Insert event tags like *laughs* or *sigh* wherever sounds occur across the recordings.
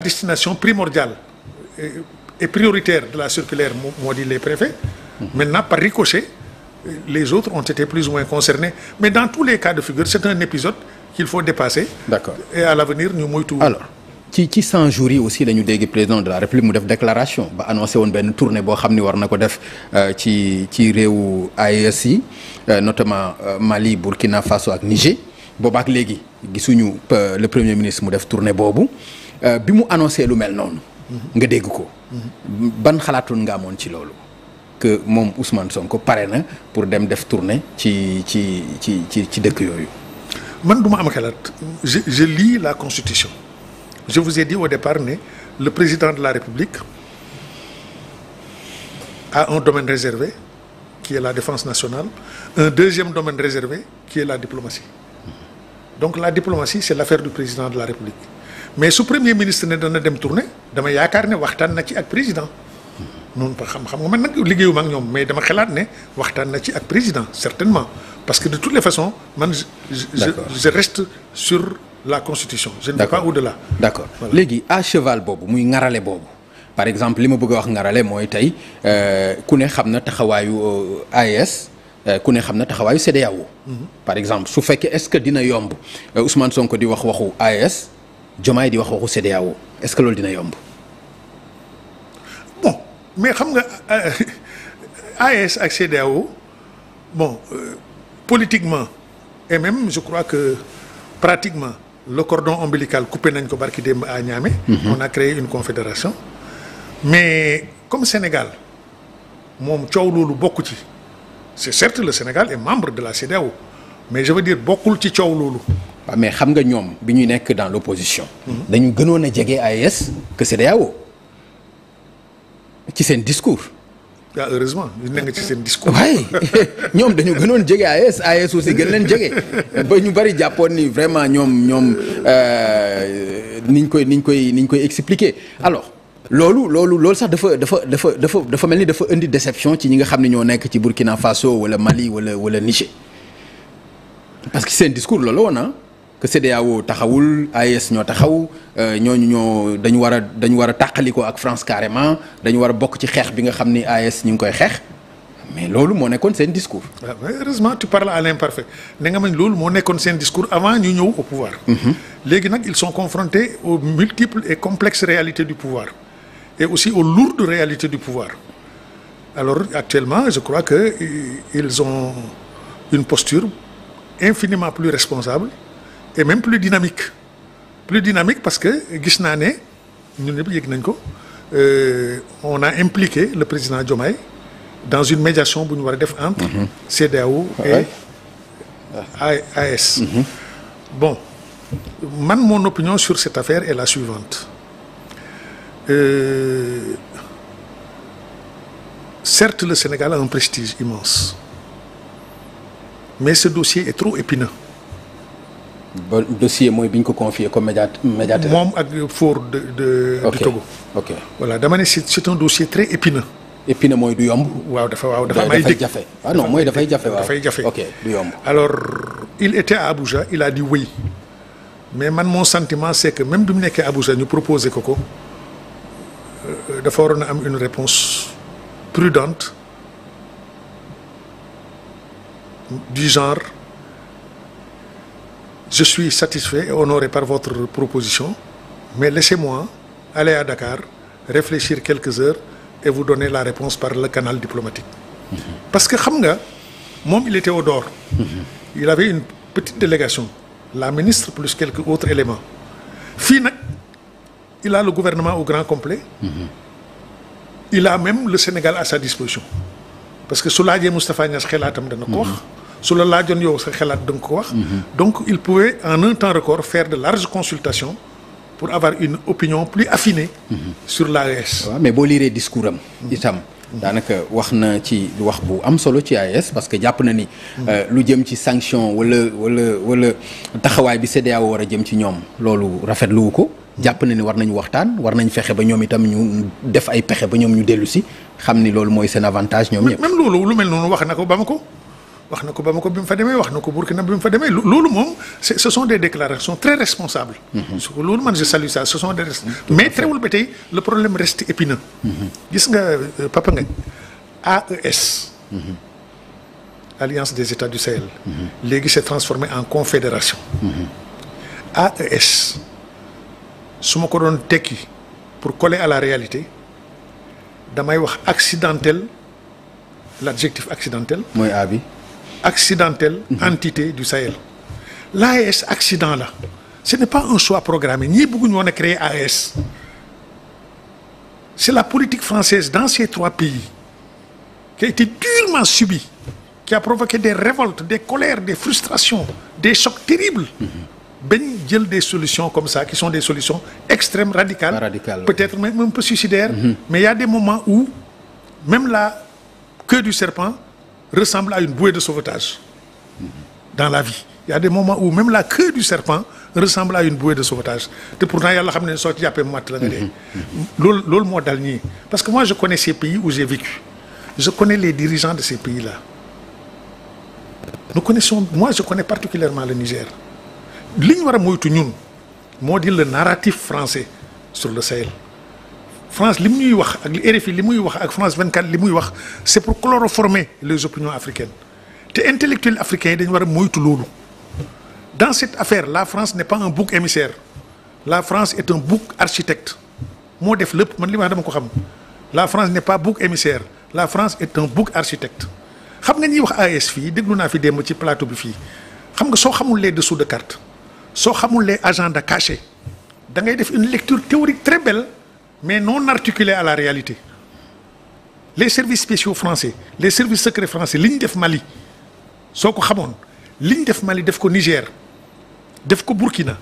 destination primordiale et prioritaire de la circulaire moo di les préfets mhm. maintenant par ricochet les autres ont été plus ou moins concernés mais dans tous les cas de figure c'est un épisode qu'il faut dépasser d'accord et à l'avenir ñu moytu alors ci ci 100 yi aussi dañu dégg président de la république mu def déclaration ba annoncé woon benn tournée boo xam ni war na ko def euh, ci ci réewu AES yi euh, notamment euh, Mali Burkina Faso ak Niger boobaak léegi gisuñu le premier ministre mu def tournée boobu Euh, bi mu annoncé lu mel noonu. nga dégg ko. ban xalaatoon nga amoon ci loolu. que moom Ousmane Sonko pare na pour dem def tournée ci ci ci ci ci dëkk yooyu. man du ma am xalaat je je lis la constitution je vous ai dit au départ ne le président de la République a un domaine réservé qui est la défense nationale un deuxième domaine réservé qui est la diplomatie donc la diplomatie c'est l'affaire du président de la République. mais su premier ministre ne dana dem tournée dama yaakaar ne waxtaan na ci ak président noonu ba xam-xam nga man nag liggéeyuma ak ñoom mais dama xalaat ne waxtaan na ci ak président certainement parce que de toutes les façons man je je sur la constitution je ne vais pas au-delà d'accord léegi à boobu muy ngarale boobu par exemple li ma bëgg a wax ngarale mooy tey euh, ku ne xam na taxawaayu euh, AES euh, ku ne xam na taxawaayu CEDEAO mhm. par exemple su fekkee est-ce que dina yomb Ousmane sonk di wax waxu AES Diomaye di wax waxu CEDEAO est-ce que loolu dina yomb. bon mais xam nga euh, AES ak CEDEAO bon euh, politiquement et même je crois que pratiquement le cordon ombilical coupé nañ ko barki démb à Niamey. Mhm. on a créé une confédération. mais comme Sénégal moom coow loolu bokk ci c'est certes le Sénégal est membre de la CEDEAO mais je veux dire bokkul ci coow loolu. waaw mais xam nga ñoom bi ñu nekk dans l'opposition dañu gënoon a jege AES que CEDEAO ci seen discours waaw ah, heureusement ñu ci seen discours. waaye *laughs* ñoom dañu gënoon jege AES AES aussi gën leen jege ba ñu bari jàppoon ni vraiment ñoom ñoom euh, niñ koy niñ koy niñ koy expliquer alors loolu loolu loolu sax dafa dafa dafa dafa dafa mel ni dafa indi déception ci ñi nga xam ne ñoo nekk ci Burkina Faso wala Mali wala wala Niger parce que seen discours loolu woon ah. que CEDEAO taxawul AES ñoo taxaw euh, ñooñu ñoo dañu war a dañu war a tàqalikoo ak France carrément dañu war a bokk ci xeex bi nga xam ni AES ñu ngi koy xeex mais loolu moo nekkoon seen discours. Ah, heureusement tu parles a l'imparfait ne nga ma loolu moo nekkoon seen discours avant ñu ñëw au pouvoir. Mhm. léegi nag ils sont confrontés aux multiples et complexes réalités du pouvoir et aussi aux lourdes réalité du pouvoir alors actuellement je crois que ils ont une posture infiniment plus responsable. et même plus dynamique plus dynamique parce que gis naa ne ñun ñëpp yëg nañ ko euh, on a impliqué le président Diomaye dans une médiation bu ñu war a def entre mhm. CEDEAO et AES mhm. bon man mon opinion sur cette affaire est la suivante euh, certes le Sénégal a un prestige immense mais ce dossier est trop épineux dossier mooy bi ñu ko confié comme médiate médiateur. moom ak Faure de de okay. du Togo. ok voilà dama ne c' est un dossier très épineux. épineux mooy du yomb. waaw dafa waaw dafa am ay dëkk ah mooy dafay jafe waaw dafay jafe ok du yomb. alors il était à Abuja il a dit oui mais man moo sentiment c' que même bi mu nekkee Abuja ñu proposé ko ko euh, dafa waroon a am une réponse prudente du genre. je suis satisfait et honoré par votre proposition, mais laissez-moi aller à Dakar, réfléchir quelques heures et vous donner la réponse par le canal diplomatique. Mm Parce que Khamga, moi, il était au dehors. Mm *laughs* -hmm. Il avait une petite délégation, la ministre plus quelques autres éléments. Fina, il a le gouvernement au grand complet. *laughs* Il a même le Sénégal à sa disposition. Parce que Souladier Moustapha Nias Khelatam de Nokouach, *laughs* su la laajoon yow sa xalaat da ko wax. Mhm. donc il pouvait en un temps record faire de larges consultations pour avoir une opinion plus affinée. Mhm. sur la waaw e ouais, mais boo liiree discours am. itam daanaka wax na ci wax bu am solo ci AES parce que jàpp na ni. Mhm. Euh, lu jëm ci sanction wala wala wala taxawaay bi CEDEAO war a jëm ci ñoom loolu rafetluwu ko. jàpp na ni war nañu waxtaan war nañ fexe ba ñoom itam ñu def ay pexe ba ñoom ñu dellu si xam ni loolu mooy seen avantage ñoom ñëpp. même loolu lu mel noonu wax na ko ba ko. wax na ko ba ko bi mu fa demee wax na ko Burkina bi mu fa demee loolu moom ce sont des déclarations très responsables. Mm-hmm. loolu man je salue ça ce sont des. mais teewul ba tey le problème reste épineux. Mm-hmm. gis nga euh, Papa Ngagne AES. Mm-hmm. des États du Sahel. léegi s'est transformé en confédération. AES su ma ko doon tekki pour coller à la réalité damay wax accidentel l'adjectif accidentel. mooy A bi. accidentelle mhm. entité du Sahel l'AES accident la ce n'est pas un choix programmé ñii bëgguñu woon a créer AES c'est la politique française dans ces trois pays qui a été durement subie qui a provoqué des révoltes des colères des frustrations des chocs terribles mhm. bañ jël des solutions comme ça qui sont des solutions extrêmes radicales, radicales peut-être oui. même un peu suicidaires mm -hmm. mais il y a des moments où même la queue du serpent ressemble à une bouée de sauvetage dans la vie ya y a des moments où même la queue du serpent ressemble à une bouée de sauvetage te pourtant yàlla xam ne soo ci jàppee matt la nga dee loolu loolu moo dal ñii parce que moi je connais ces pays où j'ai vécu je connais les dirigeants de ces pays là nous connaissons moi je connais particulièrement le Niger li ñu war a moytu ñun moo di le narratif français sur le Sahel France li muy wax ak RFI li muy wax ak France 24 li muy wax c'est pour chloroformer les opinions africaines te intellectuels africains yi dañu war a moytu loolu dans cette affaire la France ne pas un bouc émissaire la France est un bouc architecte moo def lépp man li ma dama ko xam la France n'est pas bouc émissaire la France est un bouc architecte xam nga ñuy wax AES fii déglu naa fi démb ci plateau bi fii xam nga soo xamul de dessous de carte soo xamul les agendas cachés da ngay def une lecture théorique très belle mais non articulé à la réalité les services spéciaux français les services secrets français li ñu def Mali soo ko xamoon li def Mali def ko Niger def ko Burkina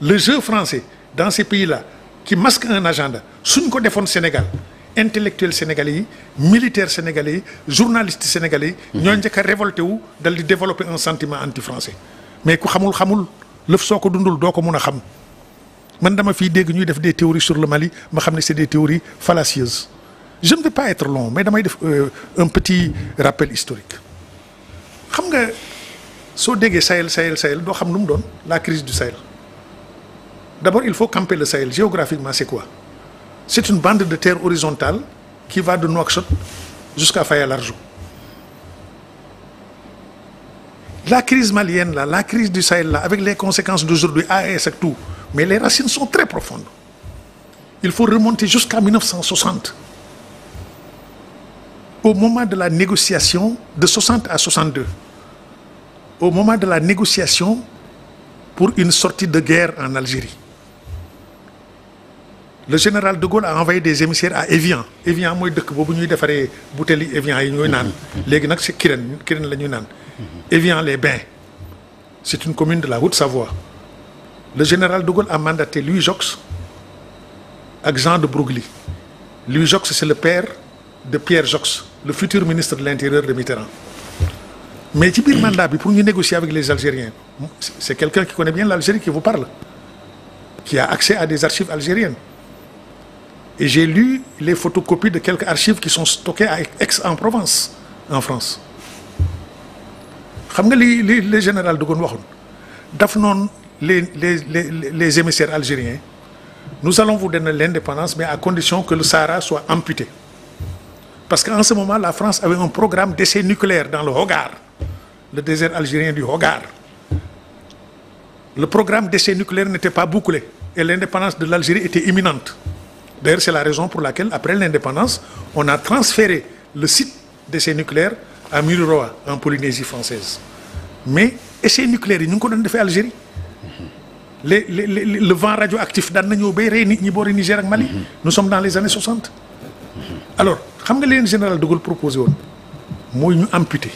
le jeu français dans ces pays-là qui masque un agenda suñ ko defoon Sénégal intellectuels sénégalais yi militaires sénégalais yi journalistes mhm. ñoo njëkk a révolté wu dal di développer un sentiment anti-français mais ku xamul xamul lëf soo ko dundul doo ko mun a xam. man dama fiy dégg ñuy def des théories sur le Mali ma xam ne c'est des théories fallacieuses je ne vais pas être long mais damay def euh, un petit rappel historique xam nga soo déggee Sahel Sahel Sahel doo xam nu mu doon la crise du Sahel d'abord il faut camper le Sahel géographiquement c'est quoi c'est une bande de terre horizontale qui va de Nouakchott jusqu'à Faye-Largeau la crise malienne là la crise du Sahel la avec les conséquences d'aujourd'hui AES ak tout mais les racines sont très profondes il faut remonter jusqu'à 1960 au moment de la négociation de 60 à 62 au moment de la négociation pour une sortie de guerre en Algérie le général de Gaulle a envoyé des émissaires à Evian Evian mooy dëkk boobu ñuy defaree bouteilles yi Evian yi ñooy naan léegi nag c'est Kirène Kirène la ñuy naan Evian les bains c'est une commune de la Haute-Savoie le général de Gaulle a mandaté Louis Jox ak de Broglie Louis Jox c'est le père de Pierre Jox le futur ministre de l'intérieur de Mitterrand mais ci biir mandat bi pour ñu négocier avec les Algériens c'est quelqu'un qui connaît bien l'Algérie qui vous parle qui a accès à des archives algériennes et j'ai lu les photocopies de quelques archives qui sont stockées à Aix-en-Provence en France xam nga li li le général de Gaulle daf noonu les, les, les, les émissaires algériens, nous allons vous donner l'indépendance, mais à condition que le Sahara soit amputé. Parce qu'en ce moment, la France avait un programme d'essai nucléaire dans le Hogar, le désert algérien du Hogar. Le programme d'essai nucléaire n'était pas bouclé et l'indépendance de l'Algérie était imminente. D'ailleurs, c'est la raison pour laquelle, après l'indépendance, on a transféré le site d'essai nucléaire à Mururoa, en Polynésie française. Mais essai nucléaire, nous avons fait Algérie. les les le vent radioactif daan na ñëw bay rey nit ñi boori Niger ak Mali. Mhm. nous sommes dans les années 60. Mhm. alors xam nga leen général de Gaulle proposé woon mooy ñu amputé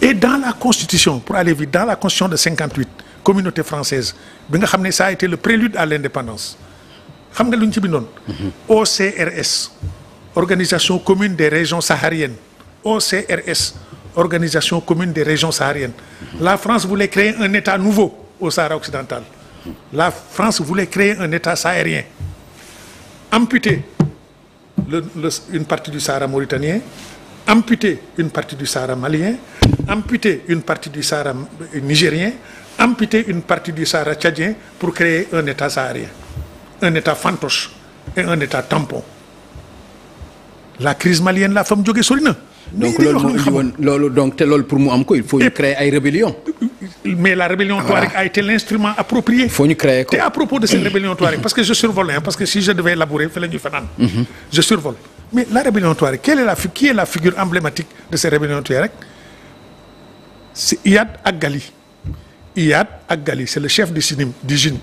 et dans la constitution pour aller vite dans la constitution de 58 communauté française bi nga xam ne ça a été le prélude à l'indépendance xam nga lu ñu ci bindoon. Mhm. OCRS organisation commune des régions sahariennes OCRS organisation commune des régions sahariennes la France voulait créer un État nouveau au Sahara occidental la France voulait créer un État sahérien, amputer le, le, une partie du Sahara mauritanien, amputer une partie du Sahara malien, amputer une partie du Sahara nigérien, amputer une partie du Sahara tchadien pour créer un État saharien, un État fantoche et un État tampon. La crise malienne, la femme Djogé na donc loolu moo indi loolu donc loolu pour mu am ko il faut ñu créer ay rébellion mais la rébellion touareg a été l'instrument approprié faut ñu créer ko te à propos de cette *clears throat* rébellion touareg parce que je survole hein, parce que si je devais élaborer fi la ñuy fanaan mhm. je survole mais la rébellion touareg qui est la figure emblématique de cette rébellion touareg c'est Iyad ak Gali Iyad ak Gali c'est le chef du sinim du jin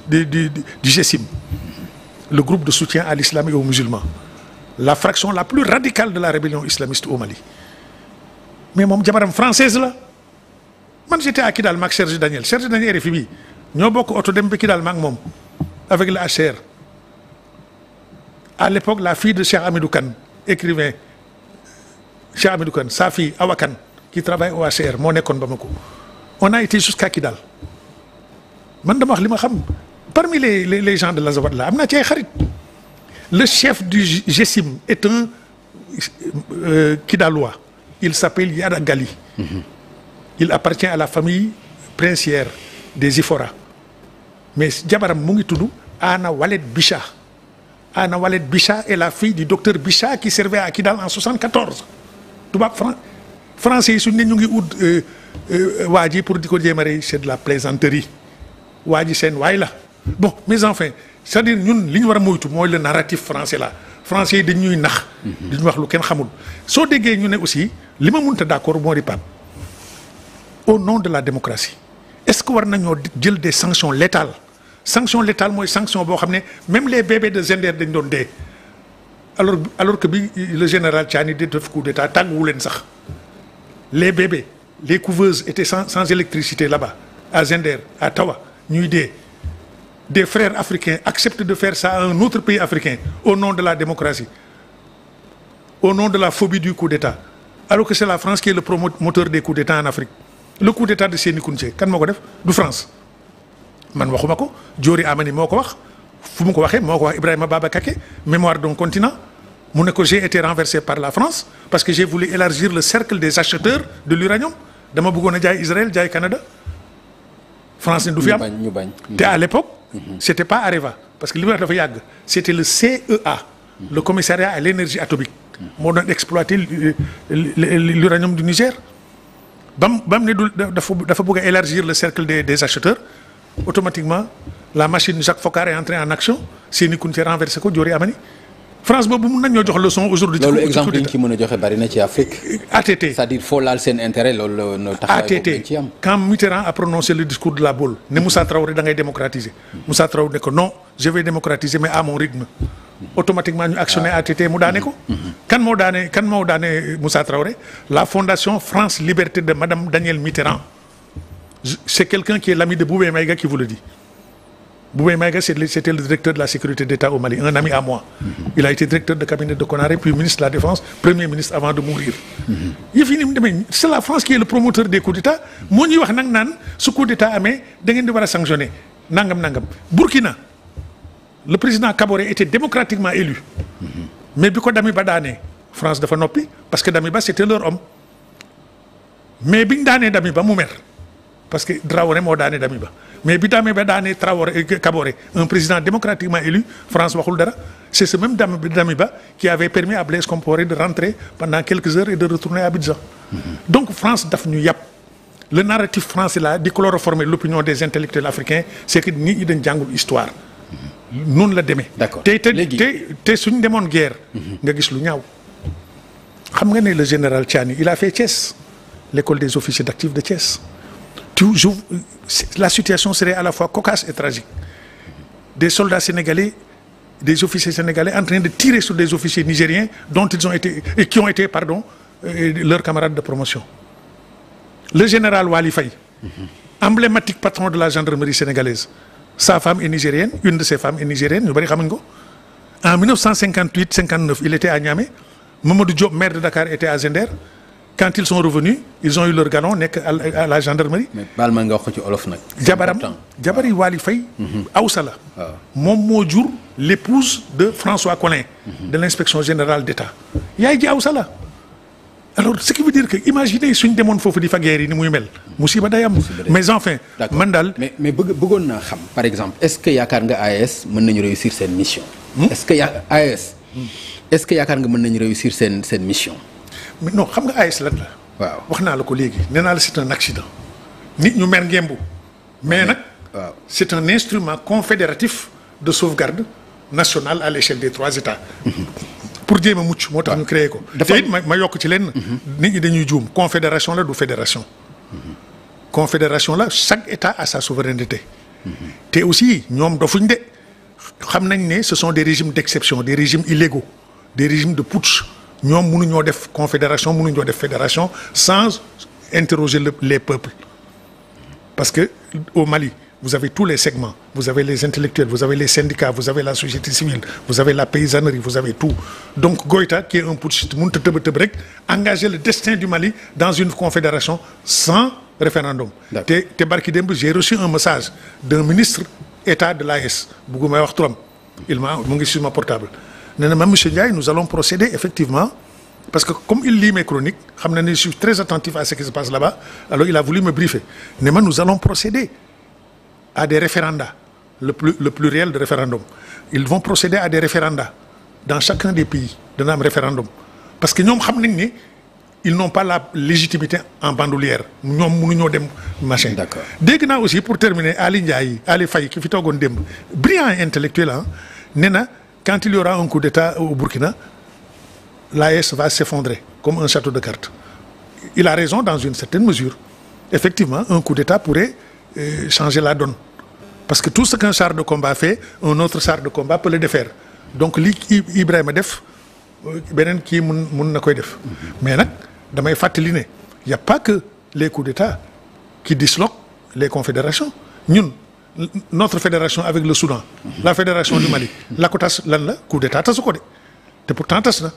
le groupe de soutien à l'islam et aux musulmans la fraction la plus radicale de la rébellion islamiste au Mali mais moom jabaram française la man j'étais à Kidal maag Serge Daniel Serge Daniel RFI bi ñoo bokk oto dem ba Kidal maag moom avec la HCR à l'époque la fi de Cheikh Amidou Kane écrivain Cheikh Amidou Kane sa fille Awa Kane travaille au HCR moo nekkoon Bamako on a été jusqu'à Kidal man dama wax li ma xam parmi les les, les gens de la am naa ci ay le chef du GESIM est un euh, il s'appelle Yada Gali. Mm -hmm. il appartient à la famille princière des Ifora mais jabaram mu ngi tudd Anna Walet Bicha Anna Walet Bicha est la fille di docteur Bicha qui servait ki dal en 74 tubaab Fran français yi suñ ne ñu ngi ut euh, euh, waa ji pour di ko jéem a rey c'est de la plaisanterie waa ji seen waay la bon mais enfin c'est-à-dire ñun li ñu war a moytu mooy le narratif français là. français yi dañ ñuy nax. di ñu wax lu kenn xamul. soo déggee ñu ne aussi li ma mënta d'accord moo di Pape au nom de la démocratie est-ce que war nañoo jël des sanctions létales sanction létale mooy sanction boo xam ne même les bébés de Zender dañ doon dee alors alors que bi le général Tchani di def coup d'état tàgguwu leen sax les bébés les couveuses étaient sans sans électricité là-bas à Zender Tawa ñuy dee. des frères africains acceptent de faire ça à un autre pays africain au nom de la démocratie, au nom de la phobie du coup d'État alors que c'est la France qui est le promoteur des coups d'État en Afrique le coup d'État de Séni Kountché kan moo ko def du France man waxuma ko Diori Amani moo ko wax fu mu ko waxee moo ko wax Ibrahima Baba Kaké Mémoire d'un continent mu ne ko j'ai été renversé par la France parce que j'ai voulu élargir le cercle des acheteurs de l'uranium dama bëggoon a jaay Israël jaay Canada français du fi am ñu bañ te à l'époque mhm. c' pas Areva parce que li ma wax dafa yàgg c' le CEA le commissariat à l' énergie atomique mhm. moo doon exploiter l'uranium du Niger bam bam ne du dafa dafa bëgg a élargir le cercle des des acheteurs automatiquement la machine Jacques Foccart est entrée en action Séni Kounté renversé ko Diori Amani France boobu mun nañoo jox leçon aujourd'hui. loolu exemple yi ñu a joxe bari na ci Afrique. ATT c'est-à-dire foo laal seen intérêt loolu la taxawaay boobu ci am ATT Mitterrand a prononcé le discours de la boule ne Moussa Traoré da démocratiser. Moussa Traoré ne non je vais démocratiser mais à mon rythme. automatiquement ñu ATT ah. mu daane ko. Mm-hmm. Mm-hmm. kan moo daane kan moo daane Moussa Traoré la fondation France Liberté de madame Danielle Mitterrand. c'est quelqu'un qui est l'ami de Boubé Maïga qui vous le dit. Boubé Maïga, c'était le directeur de la sécurité d'État au Mali, un à moi. Mm-hmm. Il a été directeur de cabinet de Conaré, puis ministre la Défense, premier ministre avant de mourir. Mm-hmm. Il mi c'est la France qui est le promoteur des coups d'État. Mon mm wax nak nan ce coup d'État amé da ngeen di wara sanctionner nangam nangam. Burkina le président Kaboré était démocratiquement élu. Mm -hmm. Mais biko Dami daane France dafa noppi parce que Dami Ba c'était leur homme. Mais biñ dané Dami Ba mu mer. parce que Traoré moo daane Damiba mais bi Damiba daane Traoré euh, Kaboré un président démocratiquement élu France waxul dara c'est ce même Damiba qui avait permis à Blaise Compaoré de rentrer pendant quelques heures et de retourner à mm-hmm. donc France daf ñu yàpp le narratif français là formé chloroformer l'opinion des intellectuels africains c'est que nit ñi dañ jàngul histoire. Mm-hmm. noonu la demee. d'accord te te te te suñ demoon guerre. Mm-hmm. nga gis lu ñaaw. xam nga ne le général Tiani il a fait Thiès l'école des officiers d'actifs tout je la situation serait à la fois cocasse des soldats sénégalais des officiers sénégalais en train de tirer sur des officiers nigériens dont ils ont été et qui euh, de promotion le général Wali Faye mm -hmm. emblématique patron de la gendarmerie sénégalaise sa femme est nigérienne une de ses femmes est nigérienne ñu bari il était à Niamey Mamadou quand ils sont revenus ils ont eu leur galon nekk à la gendarmerie. mais baal ma nga wax olof nag. jabaram jabari Waly Faye. Mhm. Awsa la. moom moo jur l'épouse de François Collin. Mhm. de l'inspection générale d'État. yaay ji Awsa la alors ce qui veut dire que imaginez suñ demoon foofu di fa guerre yi ni muy mel. musiba day am mais enfin. man daal mais mais bëggoon naa xam. par exemple est-ce que yaakaar nga AES mën nañu réussir seen mission. Hmm? est-ce que ya AES. E yaakaar nga mën nañu réussir seen seen mission. mais non xam nga ay lan la. waaw wax naa la ko léegi nee naa la c'est un accident. nit ñu mer ngembu. mais nag waaw c'est un instrument confédératif de sauvegarde nationale à l'échelle des trois États. *laughs* pour jéem a mucc moo tax ñu créé ko. dafa te ma ma yokk ci lenn. Mhm. nit ñi dañuy juum confédération la du fédération. Mhm. confédération la chaque État a sa souveraineté. Mhm. te aussi ñoom dofuñ de xam nañ ne ce sont des régimes d'exception des régimes illégaux des régimes de putsch. ñoom mënuñoo def confédération mënuñoo def fédération sans interroger le, les peuples parce que au Mali vous avez tous les segments vous avez les intellectuels vous avez les syndicats vous avez la société civile vous avez la paysannerie vous avez tout donc Goïta qui est un putschiste mënut a tëb tëb rek engagé le destin du Mali dans une confédération sans référendum te te barki démb j'ai reçu un message d'un ministre état de l'AES bugguma wax turam il m'a mu ngi sur portable nee ma même monsieur Ndiaye nous allons procéder effectivement parce que comme il lit mes xam na ne je suis très attentif à ce qui se passe là-bas il a voulu me briefer ne ma nous allons procéder à des référenda le plus le pluriel de référendum ils vont procéder à des référenda dans chacun des pays dana am référendum parce que ñoom xam nañ ni ils n'ont pas la légitimité en bandoulière ñoom mënuñoo dem machin. d'accord dégg naa aussi pour terminer Ali Ndiaye Ali Faye fi toogoon démb brillant intellectuel ah nee na. quand il y aura un coup d'État au Burkina l'AES va s'effondrer comme un château de cartes il a raison dans une certaine mesure effectivement un coup d'État pourrait euh, changer la donne parce que tout ce qu'un char de combat fait un autre char de combat peut le défaire donc li Ibrahima def euh, beneen kii mun mun na koy def mhm. mais nag damay fàttali ne y a pas que les coups d'État qui disloquent les confédérations ñun notre fédération avec le Soudan. la fédération du Mali. la ko tas lan la coup d'état tasu ko de te pourtant tas na.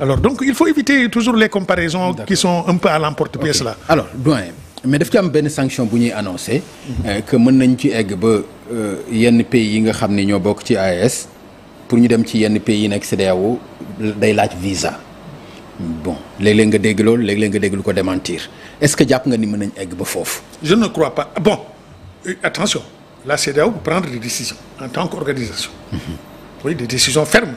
alors donc il faut éviter toujours les comparaisons. qui sont un peu à l'emporte-pièce là. alors doyen mais daf ci am benn sanction bu ñuy annoncé. Euh, que mën nañ ci egg ba euh, yenn pays yi nga xam ni ñoo bokk ci as e pour ñu dem ci yenn pays yi nekk CEDEAO day laaj visa. bon léeg-léeg nga dégg loolu nga dégg lu ko démentir est-ce que jàpp nga ni mën nañ egg ba foofu. je ne crois pas bon euh, attention. la CEDEAO peut prendre des décisions en tant qu'organisation. Mmh. Oui, des décisions fermes.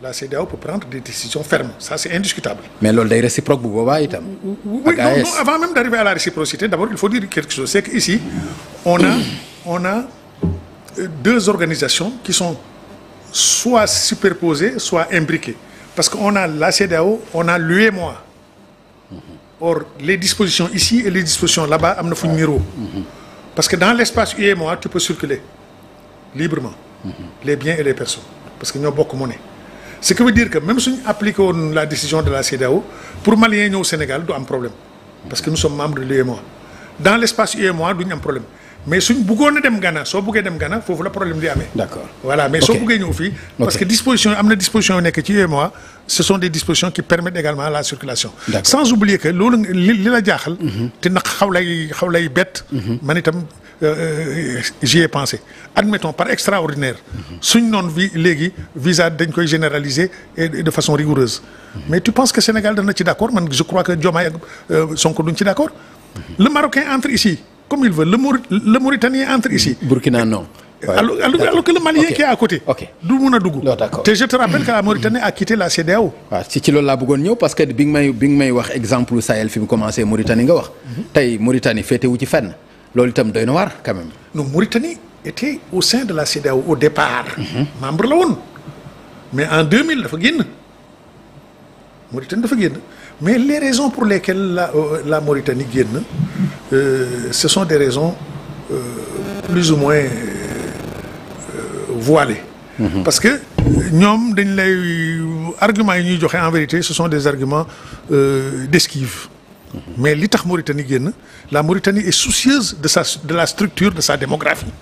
la CEDEAO peut prendre des décisions fermes ça c'est indiscutable. mais loolu day réciproque bu boobaa itam. oui non avant même d'arriver à la réciprocité d'abord il faut dire quelque chose c'est que ici on a on a euh, deux organisations qui sont soit superposées parce que on a la CEDEAO on a l'UEMOA mhm. or les dispositions ici et les dispositions là-bas am na fu ñu niroo mhm. parce que dans l' espace UEMOA tu peux circuler librement. Mm -hmm. les biens et les personnes parce que ñoo bokk monnaie. ce qui veut dire que même suñu appliqué woon la décision de la CEDEAO pour Malien ñëw Sénégal du am problème parce que nous sommes membres de l'UEMOA dans l' espace UEMOA duñu am problème. mais suñ bëggoon a dem gana soo bëggee dem gana foofu la problème di amee. d'accord voilà mais soo bëggee ñëw fii. parce que disposition am na disposition yu nekk ci UEMOA ce sont des dispositions qui permettent également la circulation. sans oublier que loolu li la jaaxal. Mhm. te nag xaw lay xaw lay bett. Mhm. man itam euh, euh, j'y ai pensé admettons par extraordinaire. Mhm. suñ noonu vi léegi visa dañ koy généraliser et de façon rigoureuse. mais tu penses que Sénégal dana ci d'accord man je crois que Diomaye ak euh, Sonko ci d'accord. le Marocain entre ici. comme il veut le Mauri le Mauritanien entre ici. Burkina non. Ouais. Alors, alors, que côté. du mun a dugg. d'accord te je te rappelle que la Mauritanie a quitté la CEDEAO. waaw ah, si ci loolu laa bëggoon ñëw parce que bi nga may wax exemple Sahel fi mu commencé nga wax. Mhm. tey Mauritanie féetewu ci fenn loolu itam doy na waar quand même. non était au sein de la CEDEAO au départ. Mhm. membre la woon mais en mille dafa génn Mauritanie dafa génn mais les raisons pour lesquelles la euh, la Mauritanie génn. Euh, ce sont des raisons euh, plus ou moins euh, voilées. Mhm. parce que ñoom dañ lay arguments yi ñuy joxe en vérité ce sont des arguments euh, d'esquive mhm. mais li tax Mauritanie génn la Mauritanie est soucieuse de sa de la structure de sa démographie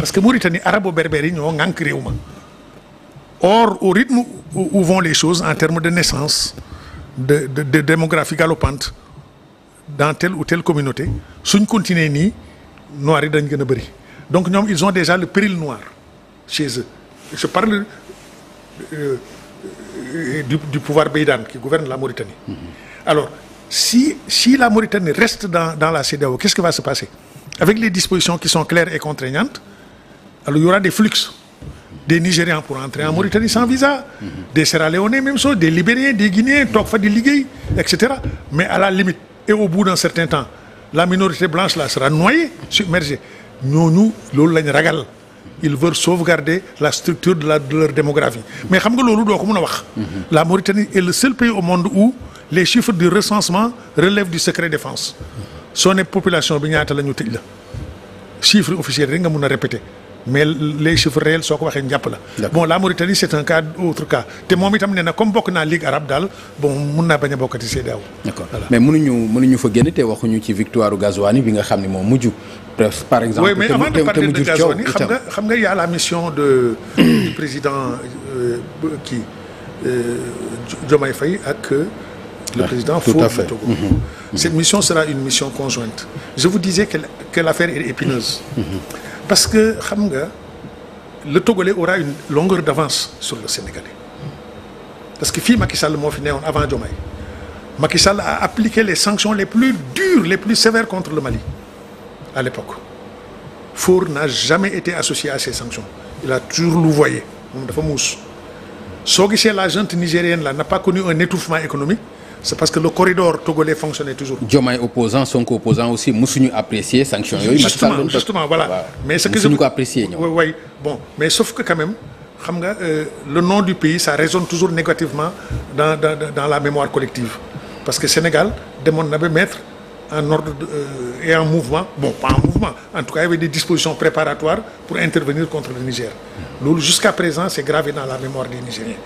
parce que Mauritanie arabo-berbères ñoo ŋànk réew ma or au rythme où vont les choses en termes de naissance de de, de démographie galopante dans telle ou telle communauté suñ continuer nii noirs yi dañ gën a bëri donc ñoom ils ont déjà le péril noir chez eux je parle euh, euh, du, du pouvoir Beydane qui gouverne la Mauritanie mhm. alors si si la Mauritanie reste dans dans la CEDEAO qu'est-ce qui va se passer avec les dispositions qui sont claires et contraignantes alors y aura des flux des Nigérians pour entrer en mhm. Mauritanie sans visa mhm. des Sierra Léonais même chose des Libériens des Guinéens toog fa di liggéey et cetera mais à la limite et au bout d'un certain temps la minorité blanche là sera noyée submergée ñooñu loolu lañ ragal ils veulent sauvegarder la structure de la de leur démographie mais xam nga loolu doo ko mën a wax. Mhm. la Mauritanie est le seul pays au monde où les chiffres du recensement relèvent du secret défense soo ne population bi ñaata la ñu tëj la chiffre officiel rek nga mun a répéter. mais les chiffres réels soo ko waxee njàpp la. bon la Mauritanie c' un cas autre cas te moom itam nee na comme bokk naa Ligue arabe daal bon mun naa bañ a bokkati CEDEAO. d' accord mais mënuñu mënuñu fa génn te waxuñu ci victoire Gazouani bi nga xam ne moo mujj. par exemple oui, mais avant de xam nga xam a la mission de *coughs* président président euh, kii euh, Diomaye Faye ak. Euh, le président Faure du Togo. Mm-hmm. Mm-hmm. cette mission sera une mission conjointe. je vous disais que que l' affaire est épineuse. Mm-hmm. parce que xam nga le Togolais aura une longueur d'avance sur le Sénégalais parce que fii Macky Sall moo fi newoon avant Diomaye Macky Sall a appliqué les sanctions les plus dures les plus sévères contre le Mali à l'époque Faure n'a jamais été associé à ces sanctions il a toujours louvoyé moom dafa muus soo gisee la junte nigérienne là n'a pas connu un étouffement économique c'est parce que le corridor togolais fonctionnait toujours. Diomaye opposant Sonko opposant aussi musuñu apprécier sanction yooyu. justement justement voilà. mais sauf que quand même euh, le nom du pays ça résonne toujours négativement dans dans dans la mémoire collective parce que Sénégal demoon na ba mettre en ordre de, euh, en tout cas il y avait des dispositions préparatoires pour intervenir contre le Niger loolu jusqu'à présent c'est gravé dans la mémoire des Nigériens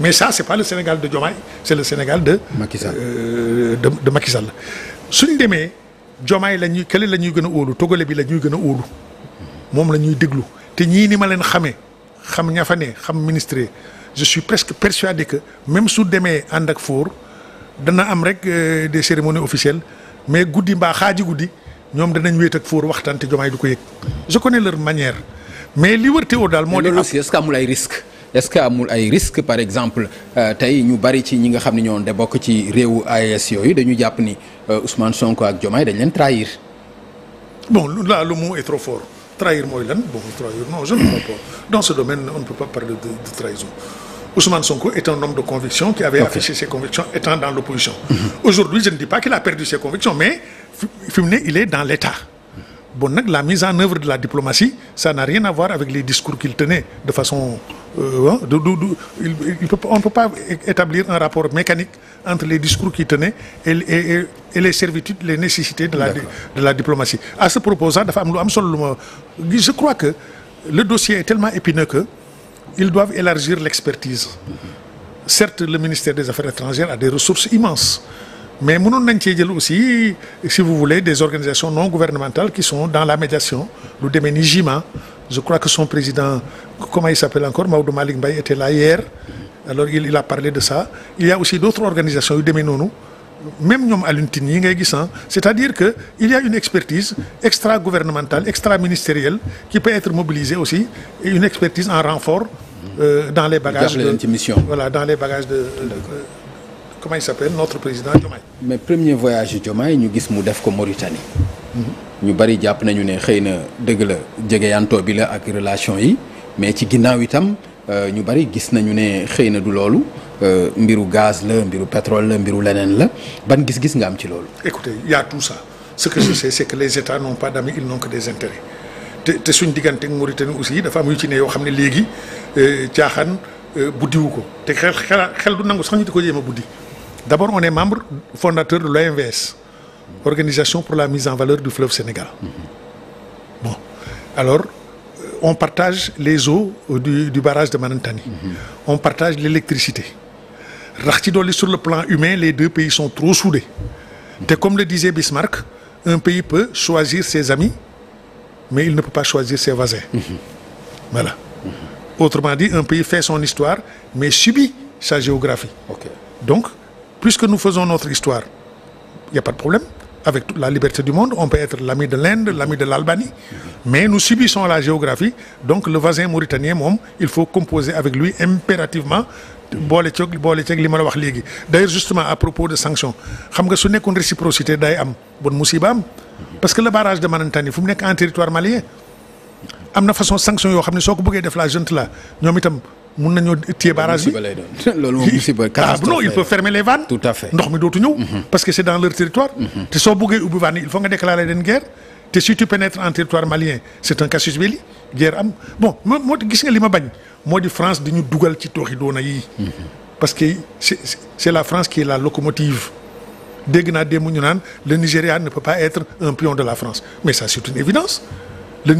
mais ça c'est pas le Sénégal de Diomaye c'est le Sénégal de. Macky euh, de de Macky Sall suñ demee Diomaye la ñuy kële la ñuy gën a óolu togale bi la ñuy gën a óolu moom la ñuy déglu te ñii ni ma leen xamee xam ña fa ne xam ministre je suis presque persuadé que même su demee ànd ak foor dana am rek euh, des cérémonies officielles mais guddi mbaa xaaji guddi ñoom danañ wéet ak foor waxtaan te Diomaye du ko yëg je ne leur manière mais li wër teewoo daal. moo di am amul ay risques. est-ce que amul ay risques par exemple euh, tey ñu bari ci ñi nga xam ne ñoo de bokk ci réew AES yooyu dañu jàpp ni euh, Ousmane Sonko ak Diomaye dañ leen trahir. bon la le mot est trop fort trahir mooy lan bon trahir non je ne comprends pas dans ce domaine on ne peut pas parler de, trahison. Ousmane Sonko est un homme de conviction qui avait affiché ses convictions étant dans l'opposition. Aujourd'hui, je ne dis pas qu'il a perdu ses convictions, mais fi il est dans l'État. Bon nag, en œuvre de la diplomatie, ça n'a rien à Euh, du, du, du, il, il peut, on ne peut pas établir un rapport mécanique entre les discours qu'il tenait et, et, et, les servitudes, les nécessités de la, de la diplomatie. À ce propos, je crois que le dossier est tellement épineux que ils doivent élargir l'expertise. Certes, le ministère des Affaires étrangères a des ressources immenses, mais nous avons aussi, si vous voulez, des organisations non gouvernementales qui sont dans la médiation. Le Déménigima, je crois que son président comment il s'appelle encore Maodo Malick Mbaye était là hier alors il a parlé de ça il y a aussi d'autres organisations yu demee noonu même ñoom Alioune yi ngay gis ah c'est-à-dire que il y a une expertise extra gouvernementale extra ministérielle qui peut être mobilisée aussi et une expertise en renfort. Euh, dans les bagages de voilà dans les bagages de. Euh, comment il s'appelle notre président Diomaye. mais premier voyage Diomaye ñu gis mu def ko Mauritanie. Mhm. ñu bari jàpp nañu ne xëy na dëgg la jegeyantoo bi la ak relation yi. mais ci ginnaaw itam euh, ñu bari gis nañu ne xëy na du loolu euh, mbiru gaz la mbiru pétrole la mbiru leneen la ban gis-gis nga am ci loolu. écoutez y a tout ça ce que je sais c'est que les États n'ont pas d'amis ils des intérêts te te suñ diggante ak Mauritanie aussi dafa am yu ci ne yoo xam ne léegi euh, caaxaan buddiwu ko te xel xel du nangu sax ñu di ko jéem a buddi d'abord on est membre fondateur de l'OMVS organisation pour la mise en valeur du fleuve Sénégal mm-hmm. on partage les eaux du, du barrage de Manantani. Mm -hmm. On partage l'électricité. Rachtidoli, sur le plan humain, les deux pays sont trop soudés. Et comme le disait Bismarck, un pays peut choisir ses amis, mais il ne peut pas choisir ses voisins. Mm -hmm. Voilà. Mm -hmm. Autrement dit, un pays fait son histoire, mais subit sa géographie. Donc, puisque nous faisons notre histoire, il n'y a pas de problème. avec toute la liberté du monde, on peut être l'ami de l'Inde, l'ami de l'Albanie, mais nous subissons la géographie, donc le voisin mauritanien moom il faut composer avec lui impérativement boole ceeg boole ceeg li ma la wax léegi d'ailleurs justement à propos de sanctions xam nga su nekkoon réciprocité day am bon musiba am parce que le barrage de Manantani fu mu nekk en territoire malien am na façon sanction yoo xam ne soo ko bëggee def la junte la ñoom itam mun nañoo téye barrage bi *laughs* loolu moom musiba ah, catastrophe non il peut fermer les vannes. à fait ndox mi dootu ñëw. Mhm. parce que c' est dans leur territoire. Mhm. te soo buggee ubbi vannes il faut nga déclarer leen guerre. te si tu pénètres territoire malien c' un casus belli guerre am bon moo gis nga li ma bañ moo di France di ñu dugal ci tooxi doona yii. Mhm. parce que c' est c' est la France qui est la locomotive. dégg naa démb ñu naan le Nigéria ne peut pas être un pion de la France mais ça c' est une évidence le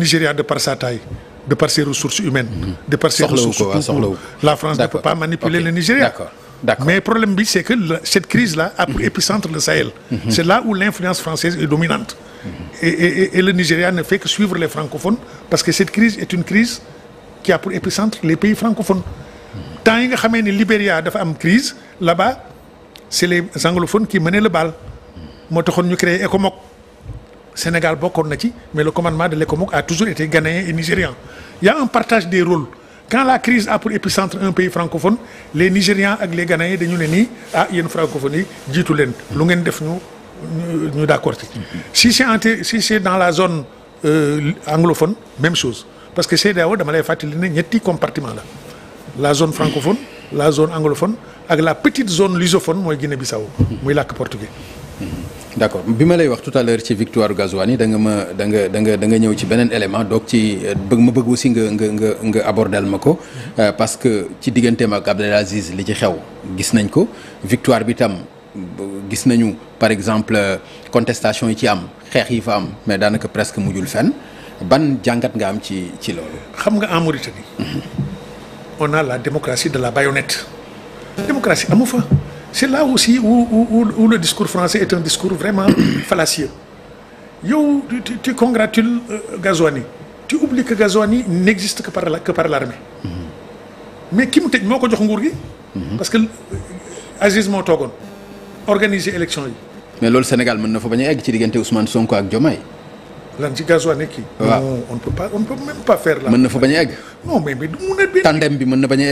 de par ses ressources humaines. Mhm. de par ses ressources tout ah, la France ne peut pas manipuler le Nigeria. D'accord. Mais le problème, c'est que cette crise-là a pour mhm. épicentre le Sahel. Mhm. C'est là où l'influence française est dominante. Et, le Nigeria ne fait que suivre les francophones parce que cette crise est une crise qui a pour épicentre les pays francophones. Tant que le Libéria a une crise, là-bas, c'est les anglophones qui menaient le bal. Nous Sénégal bokkoon na ci mais le commandement de l'ECOMOG a toujours été ghanéen et nigérian il y a un partage des rôles quand la crise a pour épicentre un pays francophone les nigérians ak les ghanéens dañu ne nii a ah, yéen francophones yi jiitu leen lu ngeen def ñu ñu d'accord ci si c'est ci si c'est dans la zone euh, anglophone même chose parce que CEDEAO dama lay fàttali ne ñetti compartiment la la zone francophone la zone anglophone ak la petite zone lusophone mooy Guinée-Bissau muy làkk portugais d' accord bi ma lay wax tout à l'heure ci Victoire Gazouani da nga ma da nga da nga da nga ñëw ci beneen élément donc ci bëgg ma bëgg aussi nga nga nga nga abordel ma ko euh, parce que ci diggante ak Abdel Aziz li ci xew gis nañ ko victoire bi itam gis nañu par exemple euh, contestation yi ci am xeex yi fa am mais daanaka presque mujjul fenn ban jàngat nga am ci ci loolu. xam nga en Mauritanie. Mhm. on a la démocratie de la baïonnette. démocratie amu fa. c'est là aussi où, où, où, où le discours français est un discours vraiment *clears throat* fallacieux yow tu, tu congratules euh, Ghazouani tu oublies que Ghazouani n'existe que par la, par l'armée mm -hmm. mais ki mu tëj moo ko jox nguur gi mhm. parce que euh, Aziz moo toogoon organiser élection yi mais loolu Sénégal mën na fa bañ a egg ci diggante Ousmane Sonko ak Diomaye lan ci Ghazouani kii non on ne peut même pas faire là mën na fa bañ a egg tandem bi mën na bañ egg